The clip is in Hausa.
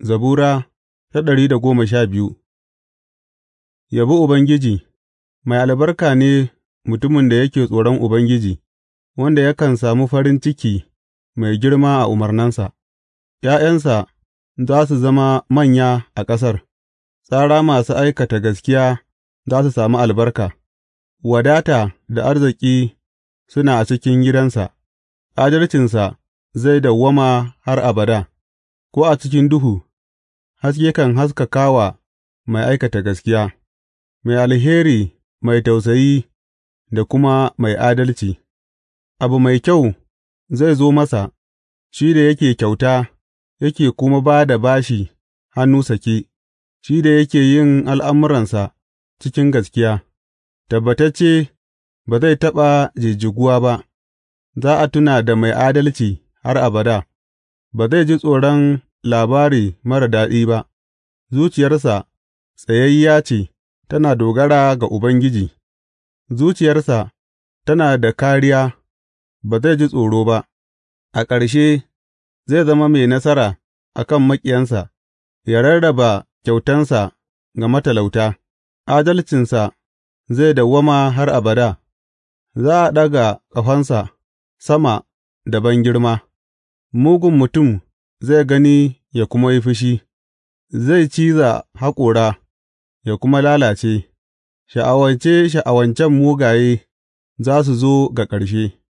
Zabura ta ɗari da goma sha biyu Yabi Ubangiji Mai albarka ne mutumin da yake tsoron Ubangiji, wanda yakan samu farin ciki mai girma a umarnansa; ’ya'yansa za su zama manya a ƙasar, tsara masu aikata gaskiya za su sami albarka, wadata da arziki suna a cikin gidansa, adalcinsa zai dawwama har abada, ko a cikin duhu. haske kan haskaka wa mai aikata gaskiya, mai alheri, mai tausayi da kuma mai adalci, abu mai kyau zai zo masa, shi da yake kyauta yake kuma ba da bashi hannu sake, shi da yake yin al'amuransa cikin gaskiya, tabbatacce ba zai taɓa jijjiguwa ba, za a tuna da mai adalci har abada, ba zai ji tsoron labari marar daɗi ba, zuciyarsa tsayayyiya ce tana dogara ga Ubangiji, zuciyarsa tana da kariya ba zai ji tsoro ba, a ƙarshe zai zama mai nasara a kan maƙiyansa, ya rarraba kyautansa ga matalauta, adalcinsa zai dawwama har abada, za a ɗaga ƙafansa sama da bangirma, mugun mutum zai gani ya kuma yi fushi, zai ciza haƙora ya kuma lalace, shaawance sha'awancen mugaye za su zo ga ƙarshe.